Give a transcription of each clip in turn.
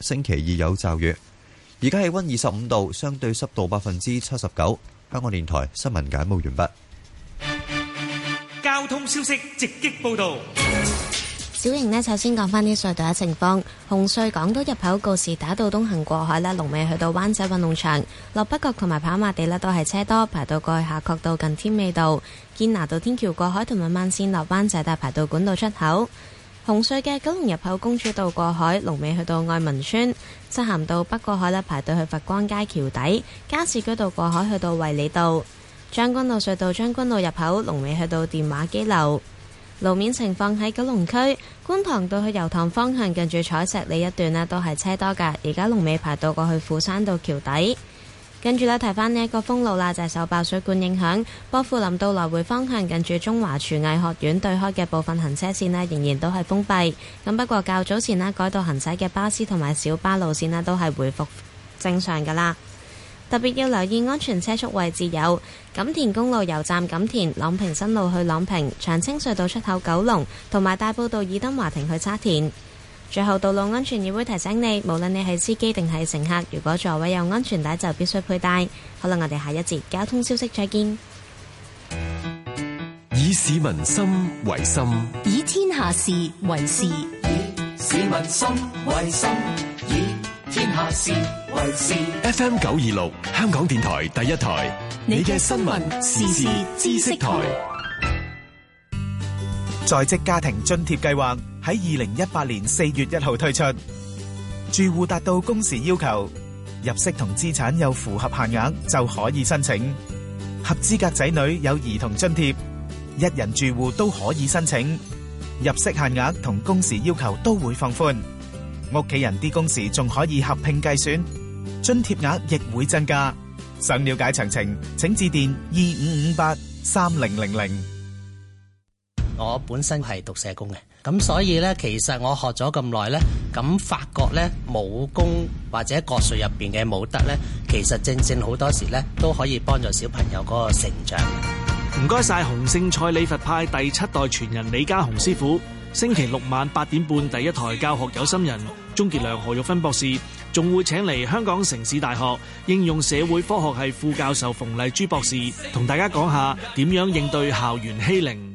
星期二有驟雨，而家氣溫二十五度，相對濕度百分之七十九。香港電台新聞簡報完畢。交通消息直擊報道。小瑩呢，首先講翻啲隧道嘅情況。紅隧港島入口告示打到東行過海啦，龍尾去到灣仔運動場，落北角同埋跑馬地呢都係車多，排到過下角道近天美道，堅拿道天橋過海同埋慢線落灣仔，就是、大排道管道出口。紅隧嘅九龍入口公主道過海，龍尾去到愛民村，漆咸道北過海啦，排隊去佛光街橋底，加士居道過海去到衛理道將軍路隧道，將軍路入口龍尾去到電話機樓路面情況喺九龍區觀塘道去油塘方向，近住彩石呢一段呢都係車多噶，而家龍尾排到過去富山道橋底。跟住呢，提翻呢一個封路啦，就係、是、受爆水管影響，薄扶林道來回方向近住中華廚藝學院對開嘅部分行車線呢，仍然都係封閉。咁不過較早前呢，改道行駛嘅巴士同埋小巴路線呢，都係回復正常噶啦。特別要留意安全車速位置有：錦田公路由站錦田朗平新路去朗平長青隧道出口九龍，同埋大埔道爾登華庭去沙田。最後，道路安全議會提醒你，無論你係司機定係乘客，如果座位有安全帶就必須佩戴。好啦，我哋下一節交通消息再見。以市民心為心，以天下事為事。以市民心為心，以天下事為事。FM 九二六，香港電台第一台，你嘅新聞時事知識台，在職家庭津貼計劃。喺二零一八年四月一號推出，住戶達到工時要求，入息同資產又符合限額就可以申請。合資格仔女有兒童津貼，一人住戶都可以申請。入息限額同工時要求都會放寬，屋企人啲工時仲可以合併計算，津貼額亦會增加。想了解詳情，請致電二五五八三零零零。我本身係讀社工嘅。咁所以咧，其實我學咗咁耐咧，咁發覺咧，武功或者國粹入邊嘅武德咧，其實正正好多時咧，都可以幫助小朋友嗰個成長。唔該晒，洪聖蔡李佛派第七代傳人李家雄師傅。星期六晚八點半第一台教學有心人，鍾杰良、何玉芬博士，仲會請嚟香港城市大學應用社會科學系副教授馮麗珠博士，同大家講下點樣應對校園欺凌。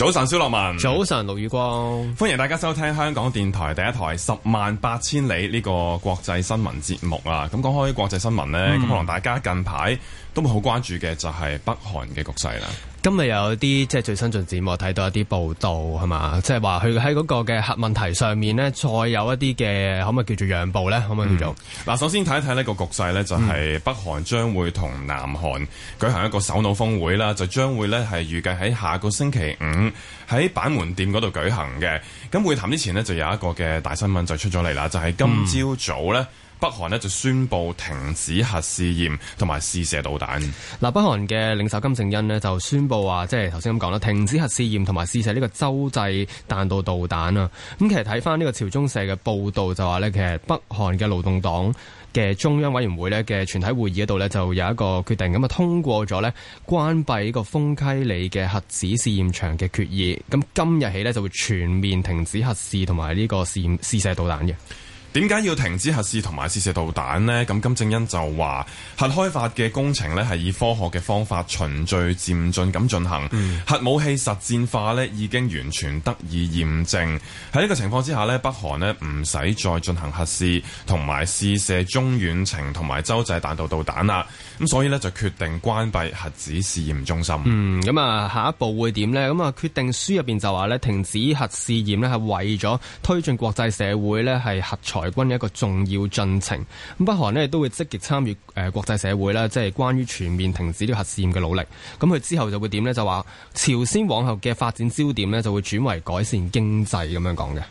早晨，蕭樂文。早晨，盧宇光。歡迎大家收聽香港電台第一台《十萬八千里》呢個國際新聞節目啊！咁講開國際新聞呢，咁、嗯、可能大家近排都會好關注嘅就係北韓嘅局勢啦。今日又有啲即係最新進展，我睇到一啲報道係嘛，即係話佢喺嗰個嘅核問題上面呢，再有一啲嘅可唔可以叫做讓步呢？可唔可以叫做？嗱，首先睇一睇呢個局勢呢，就係北韓將會同南韓舉行一個首腦峰會啦，嗯、就將會呢係預計喺下個星期五喺板門店嗰度舉行嘅。咁會談之前呢，就有一個嘅大新聞就出咗嚟啦，就係、是、今朝早，早呢。嗯北韓呢就宣布停止核試驗同埋試射導彈。嗱，北韓嘅領袖金正恩呢就宣布話，即係頭先咁講啦，停止核試驗同埋試射呢個洲際彈道導彈啊。咁其實睇翻呢個朝中社嘅報導就話呢，其實北韓嘅勞動黨嘅中央委員會呢嘅全體會議嗰度呢，就有一個決定，咁啊通過咗關關閉呢個豐溪里嘅核子試驗場嘅決議。咁今日起呢，就會全面停止核試同埋呢個試試射導彈嘅。點解要停止核試同埋試射導彈呢？咁金正恩就話：核開發嘅工程呢係以科學嘅方法循序漸進咁進行，嗯、核武器實戰化呢已經完全得以驗證。喺呢個情況之下呢，北韓呢唔使再進行核試同埋試射中遠程同埋洲際彈道導彈啦。咁所以咧就決定關閉核子試驗中心。嗯，咁啊，下一步會點呢？咁啊，決定書入邊就話咧，停止核試驗呢係為咗推進國際社會呢係核裁軍嘅一個重要進程。咁北韓呢都會積極參與誒，國際社會啦，即係關於全面停止呢核試驗嘅努力。咁佢之後就會點呢？就話朝鮮往後嘅發展焦點呢，就會轉為改善經濟，咁樣講嘅。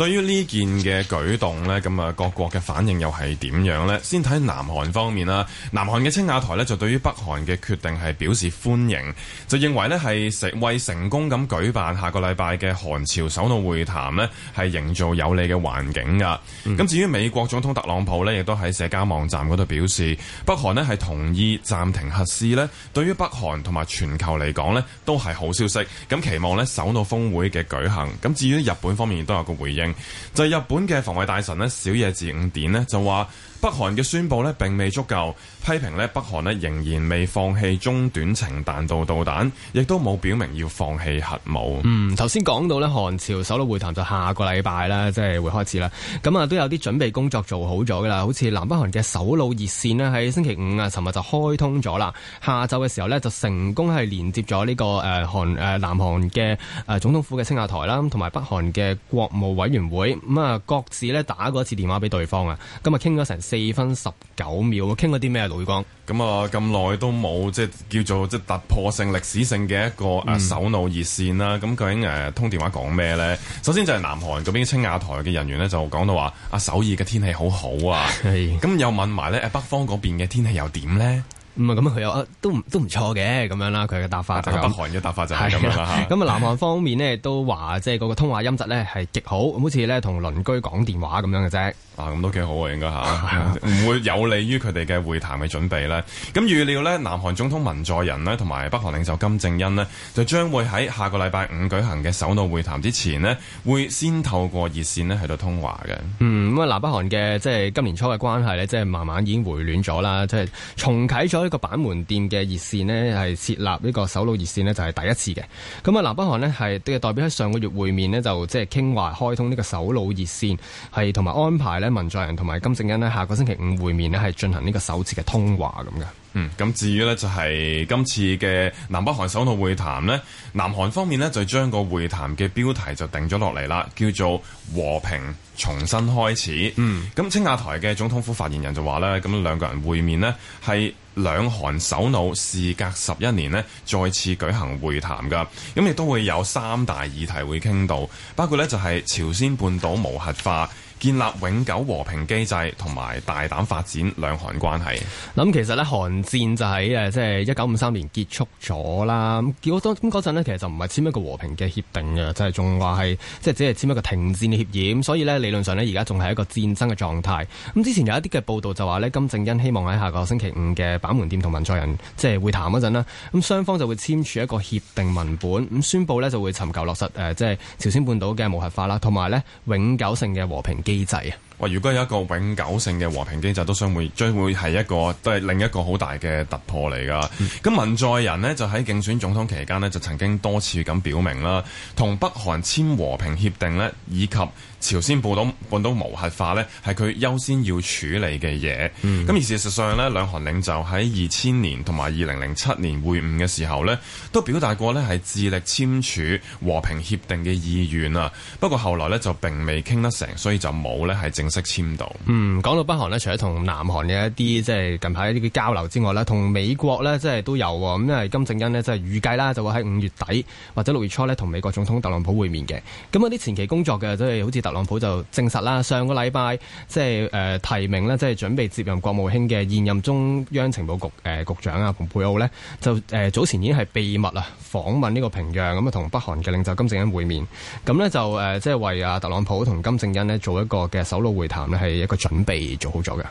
對於呢件嘅舉動呢，咁啊各國嘅反應又係點樣呢？先睇南韓方面啦，南韓嘅青瓦台呢，就對於北韓嘅決定係表示歡迎，就認為呢係成為成功咁舉辦下個禮拜嘅韓朝首腦會談呢，係營造有利嘅環境噶。咁、嗯、至於美國總統特朗普呢，亦都喺社交網站嗰度表示，北韓呢係同意暫停核試呢，對於北韓同埋全球嚟講呢都係好消息。咁期望呢首腦峰會嘅舉行。咁至於日本方面都有個回應。就係日本嘅防衛大臣呢，小野寺五典呢，就話。北韓嘅宣佈咧並未足夠批評咧，北韓咧仍然未放棄中短程彈道導彈，亦都冇表明要放棄核武。嗯，頭先講到咧，韓朝首腦會談就下個禮拜啦，即係會開始啦。咁啊，都有啲準備工作做好咗噶啦，好似南北韓嘅首腦熱線咧，喺星期五啊，尋日就開通咗啦。下晝嘅時候咧，就成功係連接咗呢個誒韓誒南韓嘅誒總統府嘅青瓦台啦，同埋北韓嘅國務委員會咁啊，各自咧打過一次電話俾對方啊。咁啊，傾咗成。四分十九秒，傾咗啲咩啊？盧宇光咁啊，咁耐都冇即係叫做即係突破性歷史性嘅一個誒首腦熱線啦。咁、嗯、究竟誒、啊、通電話講咩咧？首先就係南韓嗰邊青瓦台嘅人員咧，就講到話啊首爾嘅天氣好好啊，咁是又問埋咧、啊、北方嗰邊嘅天氣又點咧？唔係咁佢又都都唔錯嘅咁樣啦。佢嘅答法就係北韓嘅答法就係咁啦。咁啊，啊啊南韓方面咧 都話即係嗰個，個通話音質咧係極好，咁好似咧同鄰居講電話咁樣嘅啫。咁都幾好喎，應該吓、啊，唔、啊、 會有利於佢哋嘅會談嘅準備咧。咁預料咧，南韓總統文在寅咧，同埋北韓領袖金正恩咧，就將會喺下個禮拜五舉行嘅首腦會談之前咧，會先透過熱線咧喺度通話嘅。嗯，咁啊，南北韓嘅即係今年初嘅關係咧，即、就、係、是、慢慢已經回暖咗啦，即、就、係、是、重啟咗呢個板門店嘅熱線咧，係設立呢個首腦熱線咧，就係、是、第一次嘅。咁啊，南北韓咧係代表喺上個月會面咧，就即係傾話開通呢個首腦熱線，係同埋安排咧。文在寅同埋金正恩呢，下個星期五會面呢，係進行呢個首次嘅通話咁嘅。嗯，咁至於呢，就係今次嘅南北韓首腦會談呢，南韓方面呢，就將個會談嘅標題就定咗落嚟啦，叫做和平重新開始。嗯，咁青瓦台嘅總統府發言人就話呢，咁兩個人會面呢，係兩韓首腦事隔十一年呢，再次舉行會談噶，咁亦都會有三大議題會傾到，包括呢，就係朝鮮半島無核化。建立永久和平機制同埋大膽發展兩韓關係。咁其實呢，韓戰就喺誒即係一九五三年結束咗啦。咁嗰陣呢，其實就唔係簽一個和平嘅協定嘅，即係仲話係即係只係簽一個停戰嘅協議。所以呢，理論上呢，而家仲係一個戰爭嘅狀態。咁之前有一啲嘅報道就話呢，金正恩希望喺下個星期五嘅板門店同文在寅，即係會談嗰陣啦，咁雙方就會簽署一個協定文本，咁宣布呢就會尋求落實誒即係朝鮮半島嘅無核化啦，同埋呢永久性嘅和平機制啊！喂，如果有一個永久性嘅和平機制，都將會將會係一個都係另一個好大嘅突破嚟噶。咁、嗯、文在寅呢，就喺競選總統期間呢，就曾經多次咁表明啦，同北韓簽和平協定呢，以及。朝鮮半島半島無核化呢，係佢優先要處理嘅嘢。咁、嗯、而事實上呢，兩韓領袖喺二千年同埋二零零七年會晤嘅時候呢，都表達過呢係致力簽署和平協定嘅意願啊。不過後來呢，就並未傾得成，所以就冇呢係正式簽到。嗯，講到北韓呢，除咗同南韓嘅一啲即係近排一啲嘅交流之外呢，同美國呢，即係都有喎、啊。咁因為金正恩呢，即係預計啦，就會喺五月底或者六月初呢，同美國總統特朗普會面嘅。咁嗰啲前期工作嘅，即係好似特朗普就證實啦，上個禮拜即係提名呢即係準備接任國務卿嘅現任中央情報局誒、呃、局長啊，蓬佩奧呢就、呃、早前已經係秘密啊訪問呢個平壤咁啊，同北韓嘅領袖金正恩會面，咁呢、呃，就即、係、係為啊特朗普同金正恩呢做一個嘅首腦會談呢係一個準備做好咗嘅。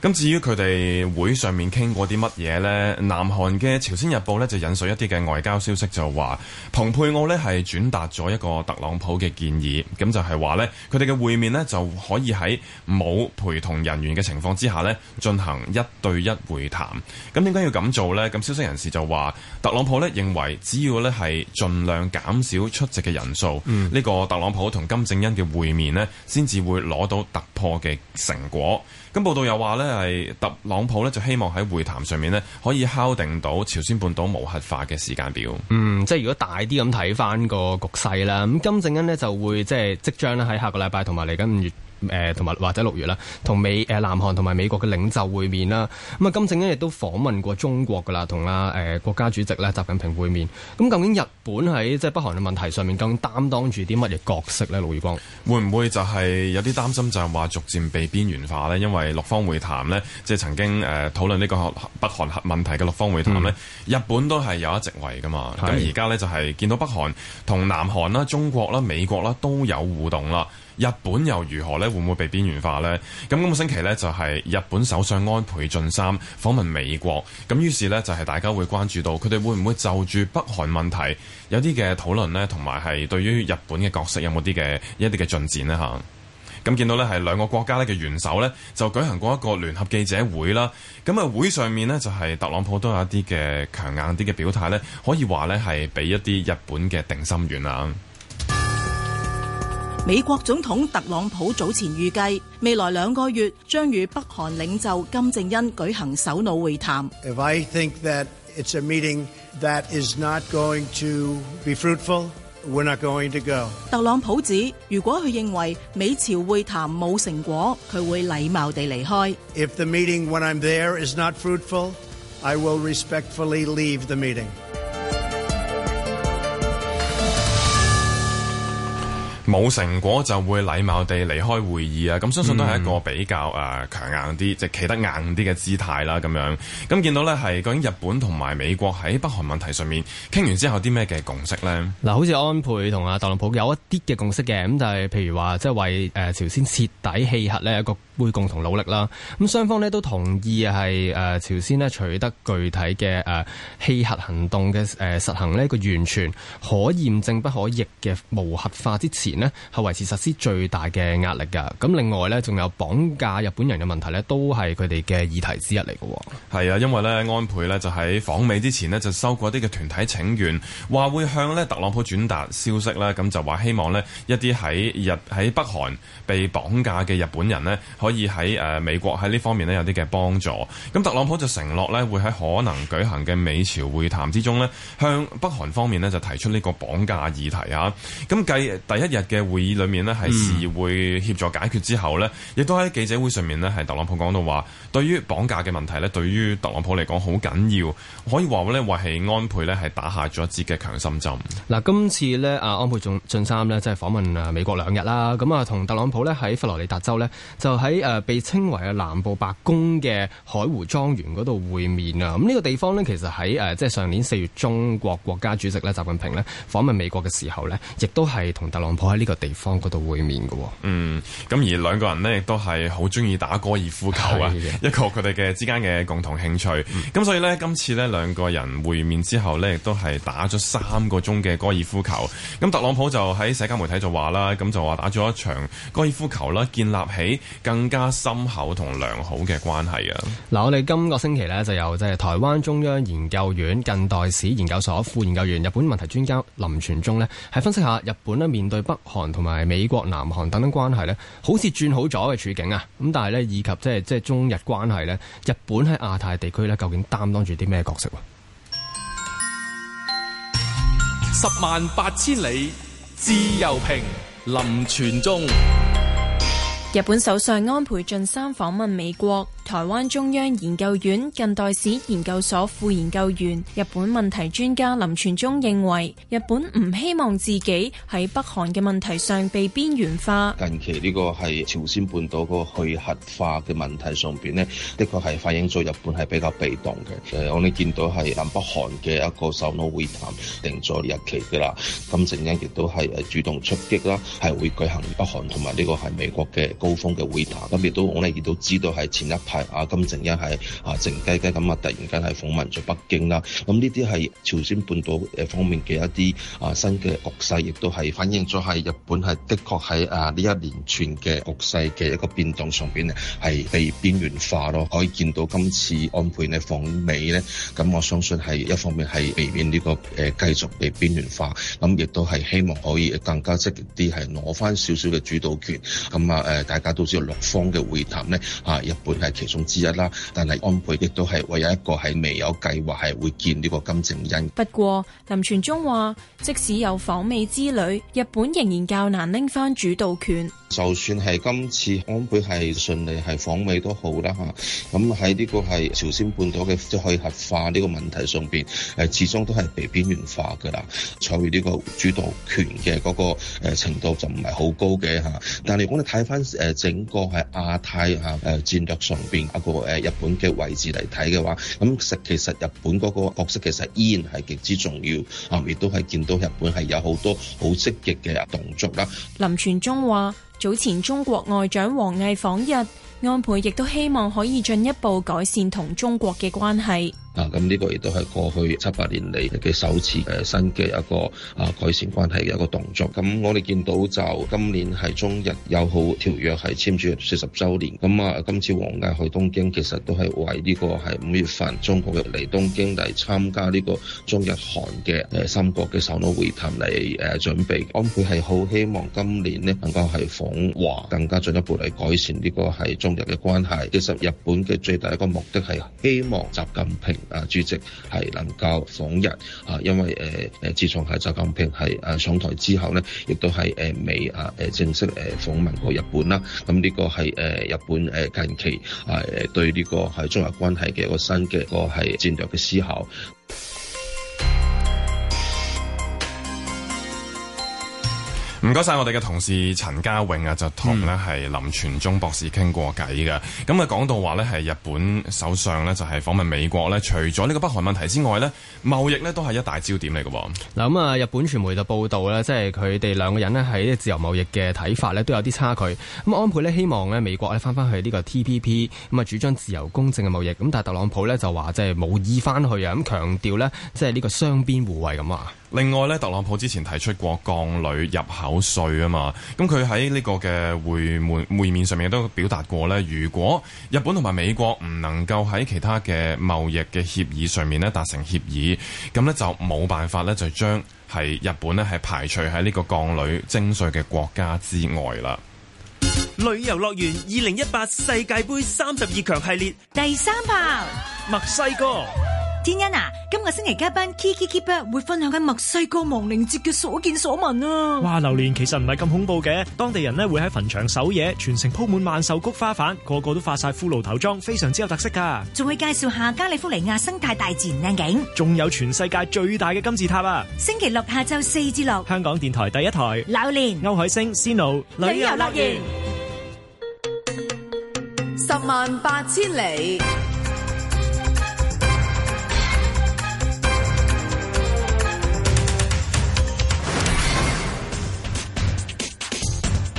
咁至於佢哋會上面傾過啲乜嘢呢？南韓嘅朝鮮日報呢就引述一啲嘅外交消息，就話蓬佩奧呢係轉達咗一個特朗普嘅建議，咁就係話呢，佢哋嘅會面呢就可以喺冇陪同人員嘅情況之下呢進行一對一會談。咁點解要咁做呢？咁消息人士就話特朗普呢認為只要呢係盡量減少出席嘅人數，呢、嗯、個特朗普同金正恩嘅會面呢先至會攞到突破嘅成果。咁報道又話咧，係特朗普咧就希望喺會談上面呢可以敲定到朝鮮半島無核化嘅時間表。嗯，即係如果大啲咁睇翻個局勢啦。咁金正恩呢就會即係即將咧喺下個禮拜同埋嚟緊五月。誒同埋或者六月啦，同美誒南韓同埋美國嘅領袖會面啦。咁啊，金正恩亦都訪問過中國噶啦，同啊誒國家主席咧習近平會面。咁究竟日本喺即係北韓嘅問題上面，究竟擔當住啲乜嘢角色呢？盧月光會唔會就係有啲擔心，就係話逐漸被邊緣化呢？因為六方會談呢，即係曾經誒討論呢個北韓問題嘅六方會談呢，嗯、日本都係有一席位噶嘛。咁而家呢，就係見到北韓同南韓啦、中國啦、美國啦都有互動啦。日本又如何咧？會唔會被邊緣化呢？咁今個星期呢，就係日本首相安倍晉三訪問美國，咁於是呢，就係大家會關注到佢哋會唔會就住北韓問題有啲嘅討論呢，同埋係對於日本嘅角色有冇啲嘅一啲嘅進展呢？嚇？咁見到呢係兩個國家咧嘅元首呢，就舉行過一個聯合記者會啦。咁啊會上面呢，就係特朗普都有一啲嘅強硬啲嘅表態呢，可以話呢係俾一啲日本嘅定心丸啦。美國總統特朗普早前預計，未來兩個月將與北韓領袖金正恩舉行首腦會談。If I think that it's a meeting that is not going to be fruitful, we're not going to go. 特朗普指，如果佢認為美朝會談冇成果，佢會禮貌地離開。If the meeting when I'm there is not fruitful, I will respectfully leave the meeting. 冇成果就會禮貌地離開會議啊！咁相信都係一個比較誒強硬啲，即係企得硬啲嘅姿態啦，咁樣。咁見到咧係究竟日本同埋美國喺北韓問題上面傾完之後啲咩嘅共識咧？嗱，好似安倍同阿特朗普有一啲嘅共識嘅，咁就係譬如話即係為誒朝鮮徹底棄核呢一個。會共同努力啦。咁雙方呢都同意係誒朝鮮呢取得具體嘅誒棄核行動嘅誒實行呢，個完全可驗證、不可逆嘅無核化之前呢，係維持實施最大嘅壓力噶。咁另外呢，仲有綁架日本人嘅問題呢，都係佢哋嘅議題之一嚟喎。係啊，因為呢，安倍呢就喺訪美之前呢，就收過一啲嘅團體請願，話會向呢特朗普轉達消息啦。咁就話希望呢，一啲喺日喺北韓被綁架嘅日本人呢，可以喺誒美國喺呢方面咧有啲嘅幫助，咁特朗普就承諾咧會喺可能舉行嘅美朝會談之中咧向北韓方面咧就提出呢個綁架議題啊，咁繼第一日嘅會議裏面咧係事會協助解決之後咧，嗯、亦都喺記者會上面咧係特朗普講到話對於綁架嘅問題咧，對於特朗普嚟講好緊要，可以話話咧話係安倍咧係打下咗一針嘅強心針嗱，今次咧啊安倍晉三咧即係訪問啊美國兩日啦，咁啊同特朗普咧喺佛羅里達州咧就喺。誒，被稱為啊南部白宮嘅海湖莊園嗰度會面啊！咁呢個地方呢，其實喺誒即係上年四月中國國家主席咧習近平呢訪問美國嘅時候呢，亦都係同特朗普喺呢個地方嗰度會面嘅、哦。嗯，咁而兩個人呢，亦都係好中意打高爾夫球啊，的一個佢哋嘅之間嘅共同興趣。咁、嗯、所以呢，今次呢，兩個人會面之後呢，亦都係打咗三個鐘嘅高爾夫球。咁特朗普就喺社交媒體就話啦，咁就話打咗一場高爾夫球啦，建立起更。加深厚同良好嘅關係啊！嗱，我哋今個星期呢，就由即係台灣中央研究院近代史研究所副研究員、日本問題專家林泉忠呢，係分析下日本咧面對北韓同埋美國、南韓等等關係呢，好似轉好咗嘅處境啊！咁但係呢，以及即係即係中日關係呢，日本喺亞太地區呢，究竟擔當住啲咩角色？十萬八千里自由平林泉忠。日本首相安倍晉三訪問美國。台灣中央研究院近代史研究所副研究員、日本問題專家林泉忠認為，日本唔希望自己喺北韓嘅問題上被邊緣化。近期呢個係朝鮮半島個去核化嘅問題上邊咧，的確係反映咗日本係比較被動嘅。誒，我哋見到係南北韓嘅一個首腦會談定咗日期噶啦，咁金正恩亦都係誒主動出擊啦，係會舉行北韓同埋呢個係美國嘅高峰嘅會談。咁亦都我哋亦都知道係前一排。阿金正恩係啊靜雞雞咁啊，突然間係訪問咗北京啦。咁呢啲係朝鮮半島誒方面嘅一啲啊新嘅局勢，亦都係反映咗係日本係的確喺啊呢一連串嘅局勢嘅一個變動上邊咧，係被邊緣化咯。可以見到今次安倍咧訪美咧，咁我相信係一方面係避免呢個誒繼續被邊緣化，咁亦都係希望可以更加積極啲，係攞翻少少嘅主導權。咁啊誒，大家都知道六方嘅會談咧，啊日本係其之一啦，但係安倍亦都係唯一一個係未有計劃係會見呢個金正恩。不過林傳忠話：即使有訪美之旅，日本仍然較難拎翻主導權。就算係今次安倍係順利係訪美都好啦嚇，咁喺呢個係朝鮮半島嘅即係核化呢個問題上邊，係始終都係被邊緣化㗎啦。在呢個主導權嘅嗰個程度就唔係好高嘅嚇。但係如果你睇翻誒整個係亞太嚇誒戰略上，邊一個誒日本嘅位置嚟睇嘅話，咁實其實日本嗰個角色其實依然係極之重要，啊，亦都係見到日本係有好多好積極嘅動作啦。林泉忠話：早前中國外長王毅訪日，安倍亦都希望可以進一步改善同中國嘅關係。啊，咁呢個亦都係過去七八年嚟嘅首次誒新嘅一個啊改善關係嘅一個動作。咁我哋見到就今年係中日友好條約係簽署四十週年。咁啊，今次王毅去東京，其實都係為呢個係五月份中國嚟東京嚟參加呢個中日韓嘅誒三國嘅首腦會談嚟誒準備。安倍係好希望今年呢能夠係訪華，更加進一步嚟改善呢個係中日嘅關係。其實日本嘅最大一個目的係希望習近平。啊！主席係能夠訪日啊，因為自從係習近平係啊上台之後咧，亦都係誒未啊正式誒訪問過日本啦。咁呢個係日本近期啊對呢個中日關係嘅一個新嘅一個戰略嘅思考。唔該晒，我哋嘅同事陳家榮啊，就同呢係林傳忠博士傾過偈嘅。咁啊、嗯，講到話呢係日本首相呢就係訪問美國呢，除咗呢個北韓問題之外呢，貿易呢都係一大焦點嚟嘅。嗱咁啊，日本傳媒就報道咧，即係佢哋兩個人呢喺自由貿易嘅睇法呢都有啲差距。咁安倍呢希望呢美國呢翻翻去呢個 T P P，咁啊主張自由公正嘅貿易。咁但係特朗普呢就話即係冇意翻去啊，咁強調呢即係呢個雙邊互惠咁話。另外咧，特朗普之前提出過降鋁入口稅啊嘛，咁佢喺呢個嘅會會面上面都表達過咧，如果日本同埋美國唔能夠喺其他嘅貿易嘅協議上面咧達成協議，咁咧就冇辦法咧就將係日本咧係排除喺呢個降鋁徵稅嘅國家之外啦。旅遊樂園二零一八世界杯三十二強系列第三炮墨西哥。天恩啊，今個星期嘉賓 Kiki Keeper 會分享緊墨西哥亡靈節嘅所見所聞啊！哇，榴槤其實唔係咁恐怖嘅，當地人呢會喺墳場守夜，全程鋪滿萬壽菊花瓣，個個都化晒骷髏頭妝，非常之有特色噶。仲會介紹下加利福尼亞生態大自然靚景，仲有全世界最大嘅金字塔啊！星期六下晝四至六，香港電台第一台榴槤、歐海星、Cino 旅遊樂園，十萬八千里。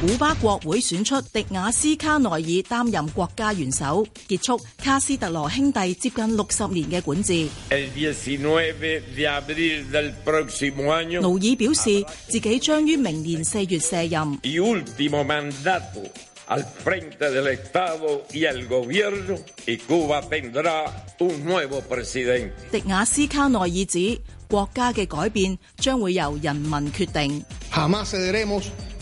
古巴國會選出迪亞斯卡內爾擔任國家元首，結束卡斯特羅兄弟接近六十年嘅管治。勞爾表示自己將於明年四月卸任。迪亞斯卡內爾指國家嘅改變將會由人民決定。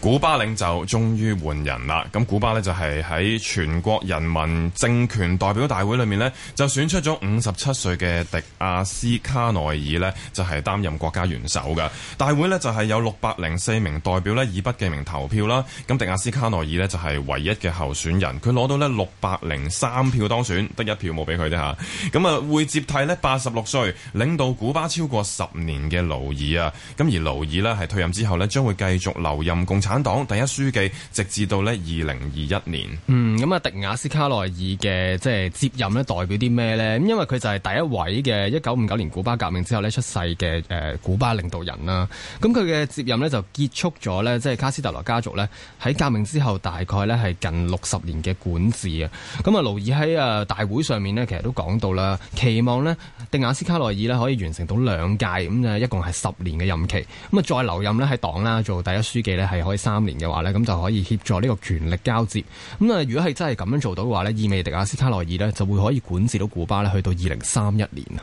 古巴領袖終於換人啦！咁古巴呢就係喺全國人民政權代表大會裏面呢就選出咗五十七歲嘅迪亞斯卡內爾呢就係、是、擔任國家元首嘅。大會呢就係有六百零四名代表呢以不記名投票啦，咁迪亞斯卡內爾呢就係唯一嘅候選人，佢攞到呢六百零三票當選，得一票冇俾佢哋。嚇、啊。咁啊會接替呢八十六歲領導古巴超過十年嘅勞爾啊，咁而勞爾呢係退任之後呢將會繼續留任共產。黨第一書記，直至到呢二零二一年。嗯，咁啊，迪亞斯卡內爾嘅即係接任咧，代表啲咩呢？因為佢就係第一位嘅一九五九年古巴革命之後咧出世嘅誒古巴領導人啦。咁佢嘅接任咧就結束咗呢即係卡斯特羅家族呢喺革命之後大概呢係近六十年嘅管治啊。咁啊，勞爾喺誒大會上面呢其實都講到啦，期望呢迪亞斯卡內爾咧可以完成到兩屆，咁啊一共係十年嘅任期，咁啊再留任呢喺黨啦做第一書記呢係可以三年嘅話呢，咁就可以協助呢個權力交接。咁啊，如果係真係咁樣做到嘅話呢，意味迪亞斯卡內爾呢就會可以管治到古巴咧，去到二零三一年啊。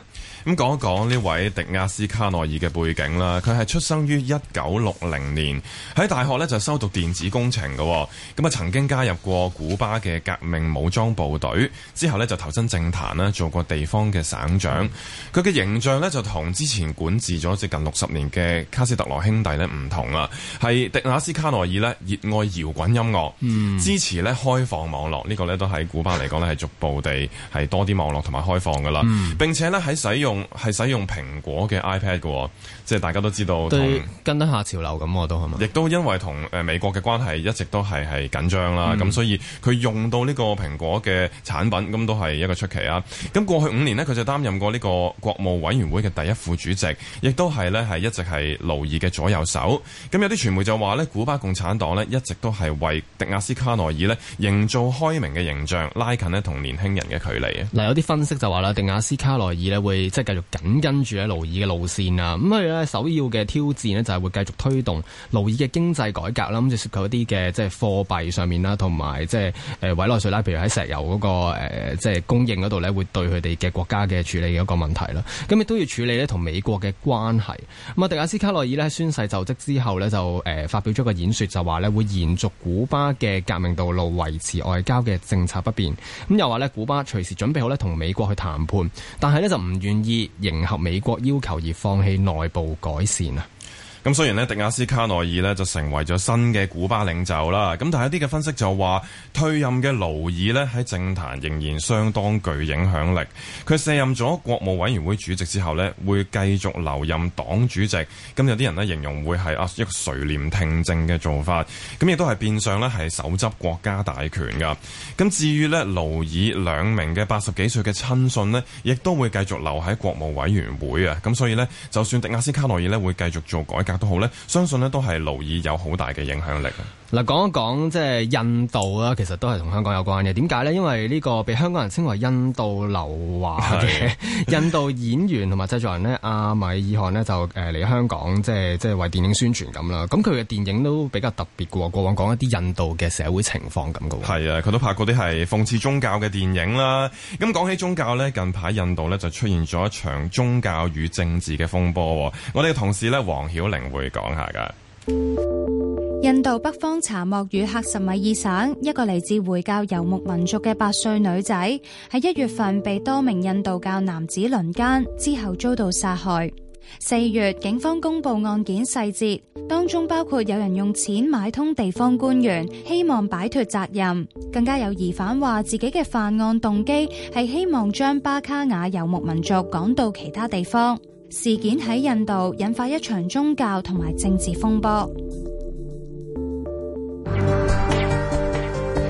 咁講一講呢位迪亞斯卡內爾嘅背景啦，佢係出生於一九六零年，喺大學呢就修讀電子工程嘅，咁啊曾經加入過古巴嘅革命武裝部隊，之後呢就投身政壇啦，做過地方嘅省長。佢嘅形象呢就同之前管治咗接近六十年嘅卡斯特羅兄弟呢唔同啦，係迪亞斯卡內爾呢熱愛搖滾音樂，嗯、支持呢開放網絡，呢、呢個呢都喺古巴嚟講呢係逐步地係多啲網絡同埋開放噶啦，並且呢喺使用。係使用蘋果嘅 iPad 嘅，即係大家都知道跟，跟得下潮流咁，我都係嘛？亦都因為同美國嘅關係一直都係係緊張啦，咁、嗯、所以佢用到呢個蘋果嘅產品，咁都係一個出奇啊！咁過去五年呢，佢就擔任過呢個國務委員會嘅第一副主席，亦都係呢係一直係勞爾嘅左右手。咁有啲傳媒就話呢，古巴共產黨呢一直都係為迪亞斯卡內爾呢營造開明嘅形象，拉近呢同年輕人嘅距離。嗱，有啲分析就話啦，迪亞斯卡內爾呢會即繼續緊跟住喺勞爾嘅路線啊。咁佢咧首要嘅挑戰呢，就係會繼續推動勞爾嘅經濟改革啦，咁就涉及一啲嘅即係貨幣上面啦，同埋即係誒委內瑞拉，譬如喺石油嗰個即係供應嗰度咧，會對佢哋嘅國家嘅處理一個問題啦。咁亦都要處理咧同美國嘅關係。咁啊，迪亞斯卡內爾呢，宣誓就職之後呢，就誒發表咗個演説，就話呢會延續古巴嘅革命道路，維持外交嘅政策不變。咁又話呢，古巴隨時準備好呢同美國去談判，但係呢，就唔願意。迎合美國要求而放棄內部改善啊！咁雖然呢迪亞斯卡內爾呢就成為咗新嘅古巴領袖啦。咁但係一啲嘅分析就話，退任嘅勞爾呢喺政壇仍然相當具影響力。佢卸任咗國務委員會主席之後呢，會繼續留任黨主席。咁有啲人呢形容會係啊一個垂簾聽政嘅做法。咁亦都係變相呢係手執國家大權噶。咁至於呢勞爾兩名嘅八十幾歲嘅親信呢亦都會繼續留喺國務委員會啊。咁所以呢就算迪亞斯卡內爾呢會繼續做改革。都好咧，相信咧都係勞爾有好大嘅影響力。嗱，講一講即係印度啦，其實都係同香港有關嘅。點解咧？因為呢個被香港人稱為印度流華嘅印度演員同埋製作人咧，阿是 米爾汗咧就誒嚟,香港，即係即係為電影宣傳咁啦。咁佢嘅電影都比較特別喎，過往講一啲印度嘅社會情況咁嘅。係啊，佢都拍過啲係諷刺宗教嘅電影啦。咁講起宗教咧，近排印度咧就出現咗一場宗教與政治嘅風波。我哋嘅同事咧，黃曉玲會講下噶。印度北方查莫與克什米爾省一個嚟自回教游牧民族嘅八歲女仔，喺一月份被多名印度教男子輪姦之後遭到殺害。四月，警方公布案件細節，當中包括有人用錢買通地方官員，希望擺脫責任。更加有疑犯話自己嘅犯案動機係希望將巴卡雅游牧民族趕到其他地方。事件喺印度引發一場宗教同埋政治風波。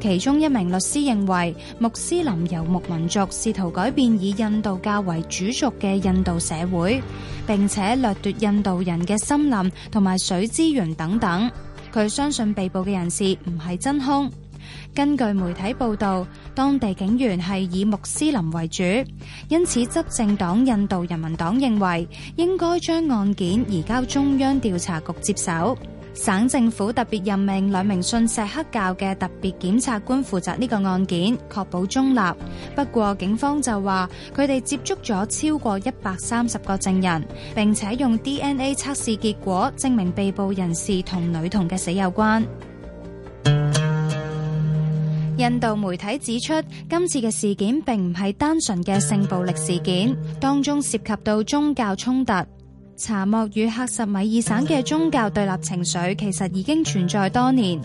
其中一名律師認為，穆斯林遊牧民族試圖改變以印度教為主族嘅印度社會，並且掠奪印度人嘅森林同埋水資源等等。佢相信被捕嘅人士唔係真凶。根據媒體報道，當地警員係以穆斯林為主，因此執政黨印度人民黨認為應該將案件移交中央調查局接手。省政府特別任命兩名信錫克教嘅特別檢察官負責呢個案件，確保中立。不過警方就話佢哋接觸咗超過一百三十個證人，並且用 DNA 測試結果證明被捕人士同女童嘅死有關。印度媒體指出，今次嘅事件並唔係單純嘅性暴力事件，當中涉及到宗教衝突。查莫與克什米爾省嘅宗教對立情緒其實已經存在多年。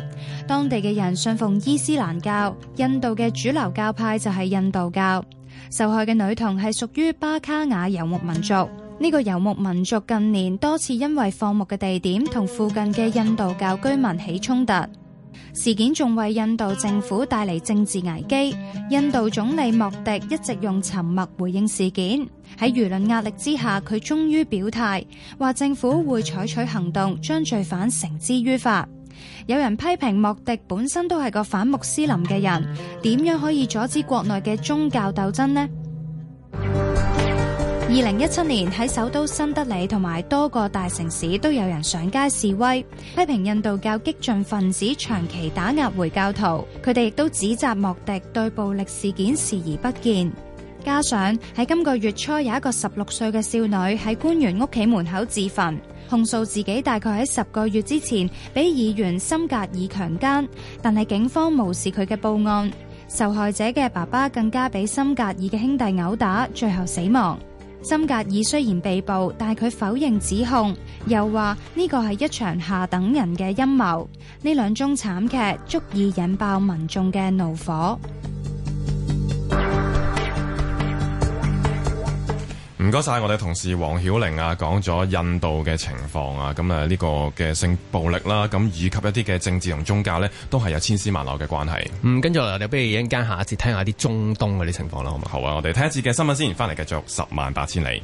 當地嘅人信奉伊斯蘭教，印度嘅主流教派就係印度教。受害嘅女童係屬於巴卡雅游牧民族，呢、這個游牧民族近年多次因為放牧嘅地點同附近嘅印度教居民起衝突。事件仲為印度政府帶嚟政治危機，印度總理莫迪一直用沉默回應事件。喺輿論壓力之下，佢終於表態，話政府會採取行動，將罪犯繩之於法。有人批評莫迪本身都係個反穆斯林嘅人，點樣可以阻止國內嘅宗教鬥爭呢？二零一七年喺首都新德里同埋多個大城市都有人上街示威，批評印度教激進分子長期打壓回教徒。佢哋亦都指責莫迪對暴力事件視而不見。加上喺今個月初，有一個十六歲嘅少女喺官員屋企門口自焚，控訴自己大概喺十個月之前俾議員森格爾強姦，但係警方無視佢嘅報案。受害者嘅爸爸更加俾森格爾嘅兄弟毆打，最後死亡。辛格爾雖然被捕，但佢否認指控，又話呢個係一場下等人嘅陰謀。呢兩宗慘劇足以引爆民眾嘅怒火。唔該晒，我哋同事黃曉玲啊，講咗印度嘅情況啊，咁呢個嘅性暴力啦，咁以及一啲嘅政治同宗教咧，都係有千絲萬縷嘅關係。嗯，跟住我哋不如一陣間下一節聽下啲中東嗰啲情況啦，好唔好？好啊，我哋聽一節嘅新聞先，翻嚟繼續十萬八千里。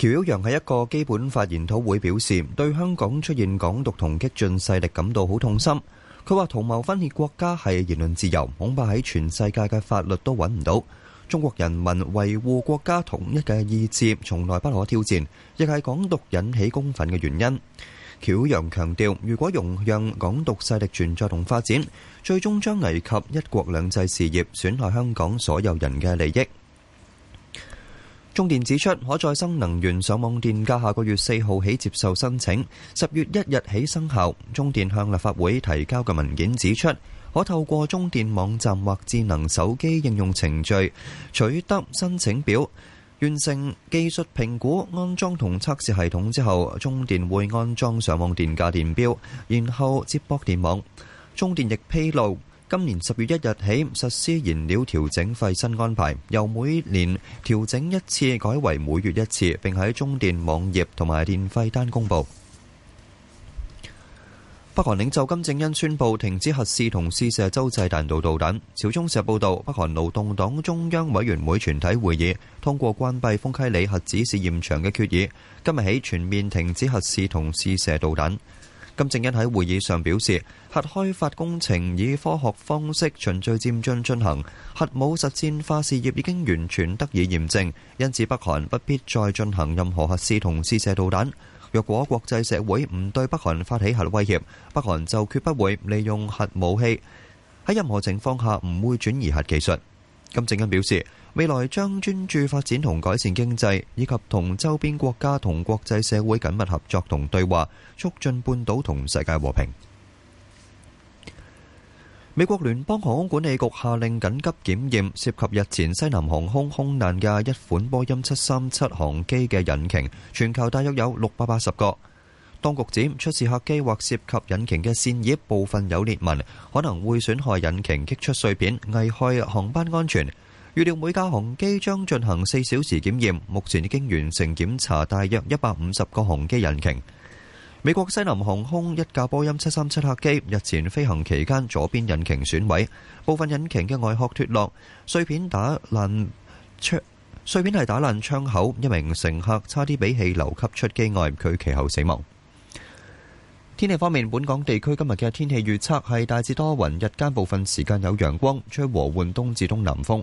喬曉陽喺一個基本法研討會表示，對香港出現港獨同激進勢力感到好痛心。佢話：圖謀分裂國家係言論自由，恐怕喺全世界嘅法律都揾唔到。中國人民維護國家統一嘅意志從來不可挑戰，亦係港獨引起公憤嘅原因。喬曉陽強調，如果容讓港獨勢力存在同發展，最終將危及一國兩制事業，損害香港所有人嘅利益。中電指出，可再生能源上網電價下個月四號起接受申請，十月一日起生效。中電向立法會提交嘅文件指出，可透過中電網站或智能手機應用程序取得申請表，完成技術評估、安裝同測試系統之後，中電會安裝上網電價電表，然後接駁電網。中電亦披露。今年十月一日起實施燃料調整費新安排，由每年調整一次改為每月一次，並喺中電網頁同埋電費單公布。北韓領袖金正恩宣布停止核試同試射洲際彈道導彈。朝中社報道，北韓勞動黨中央委員會全體會議通過關閉豐溪里核子試驗場嘅決議，今日起全面停止核試同試射導彈。金正恩喺會議上表示，核開發工程以科學方式循序漸進進行，核武實戰化事業已經完全得以驗證，因此北韓不必再進行任何核試同試射導彈。若果國際社會唔對北韓發起核威脅，北韓就決不會利用核武器，喺任何情況下唔會轉移核技術。金正恩表示，未來將專注發展同改善經濟，以及同周邊國家同國際社會緊密合作同對話，促進半島同世界和平。美國聯邦航空管理局下令緊急檢驗涉及日前西南航空空難嘅一款波音七三七航機嘅引擎，全球大約有六百八十個。當局指出事客機或涉及引擎嘅扇葉部分有裂紋，可能會損害引擎擊出碎片，危害航班安全。預料每架航機將進行四小時檢驗，目前已經完成檢查，大約一百五十個航機引擎。美國西南航空一架波音七三七客機日前飛行期間左邊引擎損毀，部分引擎嘅外殼脫落，碎片打爛窗，碎片係打爛窗口，一名乘客差啲俾氣流吸出機外，佢其後死亡。天氣方面，本港地區今日嘅天氣預測係大致多雲，日間部分時間有陽光，吹和緩東至東南風。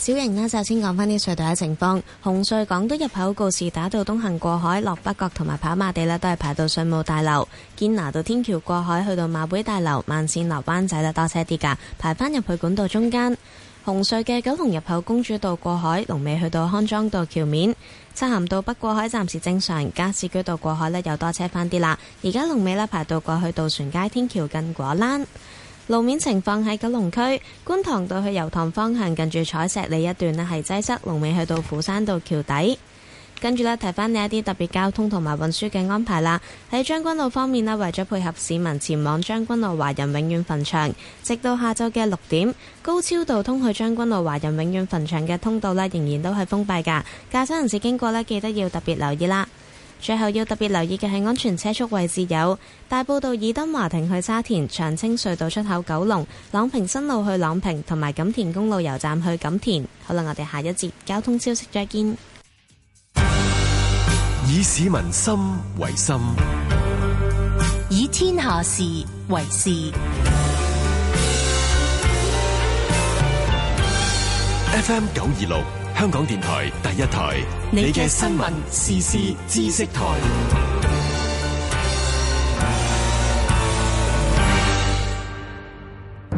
小型呢，就先講返啲隧道嘅情況。洪隧港都入口告示打到東行過海，落北角同埋跑馬地呢，都係排到稅務大樓；堅拿道天橋過海，去到馬會大樓，慢綫樓班仔呢，多車啲噶，排返入去管道中間。洪隧嘅九龍入口公主道過海，龍尾去到康莊道橋面，漆行到北過海暫時正常，加士居道過海呢，又多車返啲啦。而家龍尾呢，排到過去到船街天橋近果欄。路面情況喺九龍區觀塘道去油塘方向，近住彩石里一段咧係擠塞，龍尾去到虎山道橋底。跟住呢，提翻你一啲特別交通同埋運輸嘅安排啦。喺將軍澳方面呢，為咗配合市民前往將軍澳華人永遠墳場，直到下晝嘅六點，高超道通去將軍澳華人永遠墳場嘅通道呢，仍然都係封閉噶。駕駛人士經過呢，記得要特別留意啦。最後要特別留意嘅係安全車速位置，有大埔道爾登華庭去沙田、長青隧道出口、九龍、朗屏新路去朗屏同埋錦田公路油站去錦田。好啦，我哋下一節交通消息再見。以市民心為心，以天下事為事。FM 九二六。香港電台第一台，你嘅新聞時事知識台。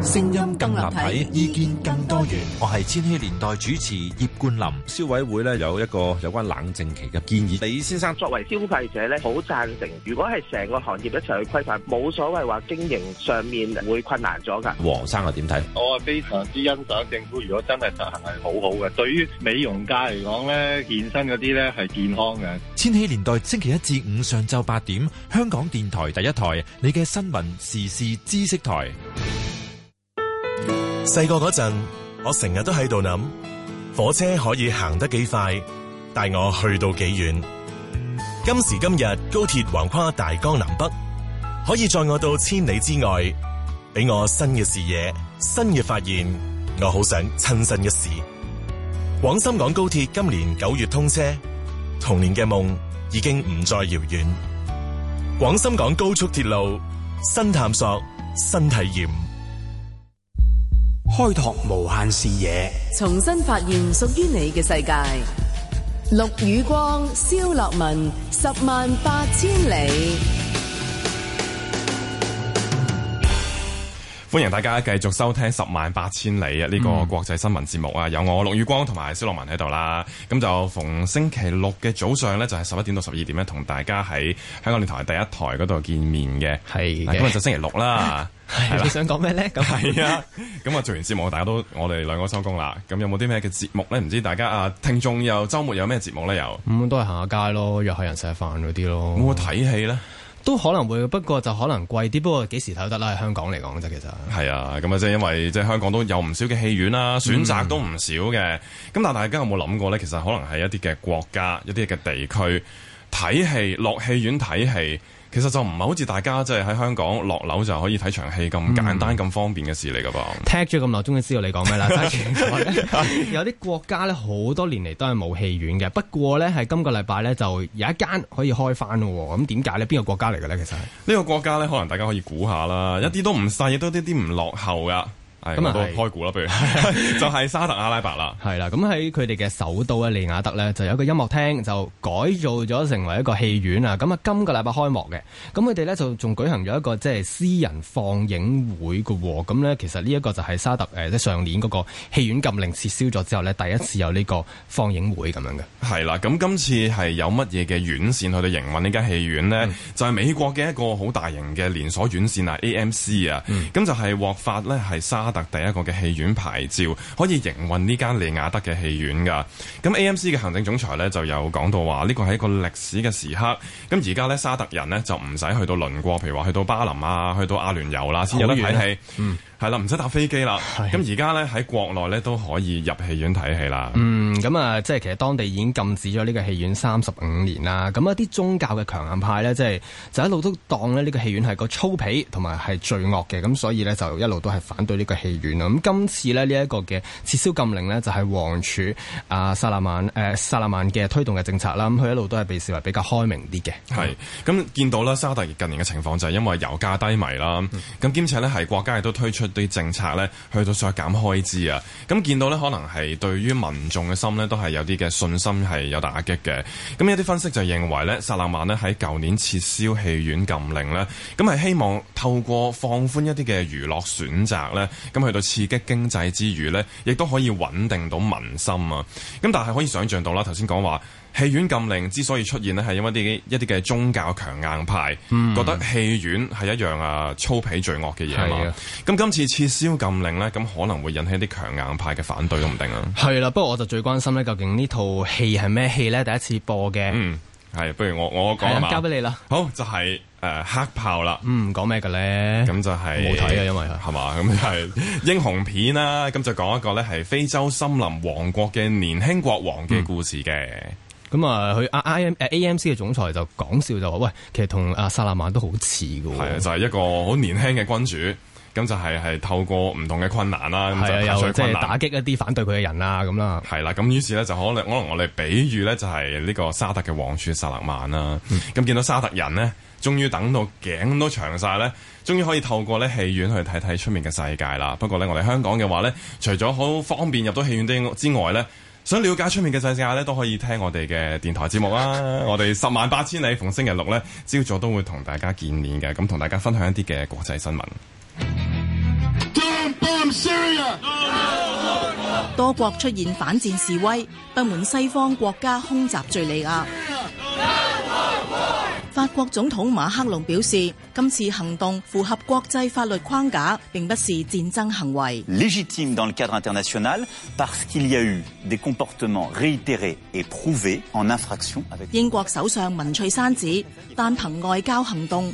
聲音更立體，立體，意見更多元。我係千禧年代主持葉冠霖。消委會呢有一個有關冷靜期嘅建議。李先生作為消費者呢，好贊成。如果係成個行業一齊去規範，冇所謂話經營上面會困難咗噶。黃生又點睇？看我非常之欣賞政府，如果真係實行係好好嘅。對於美容界嚟講呢，健身嗰啲呢係健康嘅。千禧年代星期一至五上晝八點，香港電台第一台，你嘅新聞時事知識台。細個嗰陣，我成日都喺度諗火車可以行得幾快，帶我去到幾遠。今時今日，高鐵橫跨大江南北，可以載我到千里之外，俾我新嘅視野、新嘅發現。我好想親身一試。廣深港高鐵今年九月通車，童年嘅夢已經唔再遙遠。廣深港高速鐵路，新探索，新體驗。開拓無限視野，重新發現屬於你嘅世界。陸宇光，蕭樂文，十萬八千里。歡迎大家繼續收聽十萬八千里啊！呢、這個國際新聞節目啊，嗯、有我陸宇光同埋蕭樂文喺度啦。咁就逢星期六嘅早上咧，就係十一點到十二點咧，同大家喺香港電台第一台嗰度見面嘅。係的、啊，今日就星期六啦。 的你想講咩咧？咁係啊。咁啊、 嗯，就做完節目，大家都我哋兩個收工啦。咁有冇啲咩嘅節目咧？唔知大家啊，聽眾又周末有咩節目咧？又咁、嗯、都係行下街咯，約客人食下飯嗰啲咯。會睇戲咧。都可能會，不過就可能貴啲。不過幾時睇都得啦。喺香港嚟講啫，其實係啊，咁啊，即係因為即係香港都有唔少嘅戲院啦，選擇都唔少嘅。咁、嗯、但係大家有冇諗過咧？其實可能係一啲嘅國家、一啲嘅地區睇戲，落戲院睇戲。其實就唔係好似大家即係喺香港落樓就可以睇場戲咁簡單咁、嗯、方便嘅事嚟噶噃。聽咗咁耐終於知道你講咩啦。有啲國家咧好多年嚟都係冇戲院嘅，不過咧係今個禮拜咧就有一間可以開翻咯。咁點解咧？邊個國家嚟嘅咧？其實係呢個國家咧可能大家可以估下啦，嗯、一啲都唔細，亦都一啲啲唔落後噶。咁啊，嗯、是開估啦，譬如 就係沙特阿拉伯啦，係啦。咁喺佢哋嘅首都咧利雅得咧，就有一個音樂廳，就改造咗成為一個戲院啊。咁啊，今個禮拜開幕嘅。咁佢哋咧就仲舉行咗一個即係私人放映會嘅。咁咧，其實呢一個就係沙特誒，即上年嗰個戲院禁令撤銷咗之後呢，第一次有呢個放映會咁樣嘅。係啦，咁今次係有乜嘢嘅院線去到營運呢間戲院呢？嗯、就係美國嘅一個好大型嘅連鎖院線啊，AMC 啊。咁、嗯、就係獲發呢，係沙。特第一個嘅戲院牌照，可以營運呢間利雅德嘅戲院噶。咁 AMC 嘅行政總裁咧，就有講到話呢個係一個歷史嘅時刻。咁而家咧，沙特人咧就唔使去到鄰國，譬如話去到巴林啊，去到阿聯酋啦，先有得睇戲。係啦，唔使搭飛機啦。咁而家咧，喺國內咧都可以入戲院睇戲啦。嗯，咁啊，即係其實當地已經禁止咗呢個戲院三十五年啦。咁一啲宗教嘅強硬派咧，即係就一路都當咧呢個戲院係個粗鄙同埋係罪惡嘅。咁所以咧就一路都係反對呢個戲院啊。咁今次咧呢一個嘅撤銷禁令呢，就係王儲啊沙拉曼誒沙拉曼嘅推動嘅政策啦。咁佢一路都係被視為比較開明啲嘅。係。咁見到啦沙特近年嘅情況就係因為油價低迷啦。咁兼、嗯、且呢，係國家亦都推出。對政策咧去到削減開支啊，咁見到咧可能係對於民眾嘅心呢都係有啲嘅信心係有打擊嘅，咁有啲分析就認為咧，薩勒曼呢喺舊年撤銷戲院禁令呢，咁係希望透過放寬一啲嘅娛樂選擇呢，咁去到刺激經濟之餘呢，亦都可以穩定到民心啊，咁但係可以想像到啦，頭先講話，戲院禁令之所以出現咧，係因為一啲嘅宗教強硬派，嗯、覺得戲院係一樣啊粗鄙罪惡嘅嘢，咁今次撤銷禁令呢，咁可能會引起一啲強硬派嘅反對，都唔定啊。係啦，不過我就最關心呢，究竟呢套戲係咩戲呢？第一次播嘅，嗯，係不如我我講下交俾你啦。好就係、是、誒、呃、黑豹啦。嗯，講咩嘅咧？咁就係冇睇啊，因為係嘛，咁係英雄片啦，啊。咁 就講一個呢，係非洲森林王國嘅年輕國王嘅故事嘅。嗯咁啊，佢 I M A M C 嘅總裁就講笑就話，喂，其實同阿薩勒曼都好似嘅，係啊，就係、是、一個好年輕嘅君主，咁就係、是、係透過唔同嘅困難啦，係啊的，即係打擊一啲反對佢嘅人啦。咁啦，係啦，咁於是咧就可能可能我哋比喻咧就係呢個沙特嘅王儲薩勒曼啦，咁、嗯、見到沙特人呢，終於等到頸都長晒咧，終於可以透過咧戲院去睇睇出面嘅世界啦。不過咧我哋香港嘅話咧，除咗好方便入到戲院之外咧。想了解出面嘅世界呢，都可以聽我哋嘅電台節目啦。我哋十萬八千里逢星期六呢，朝早都會同大家見面嘅，咁同大家分享一啲嘅國際新聞。多國出現反戰示威，不滿西方國家空襲敘利亞。法國總統馬克龍表示，今次行動符合國際法律框架，並不是戰爭行為。英國首相文翠珊指，單憑外交行動，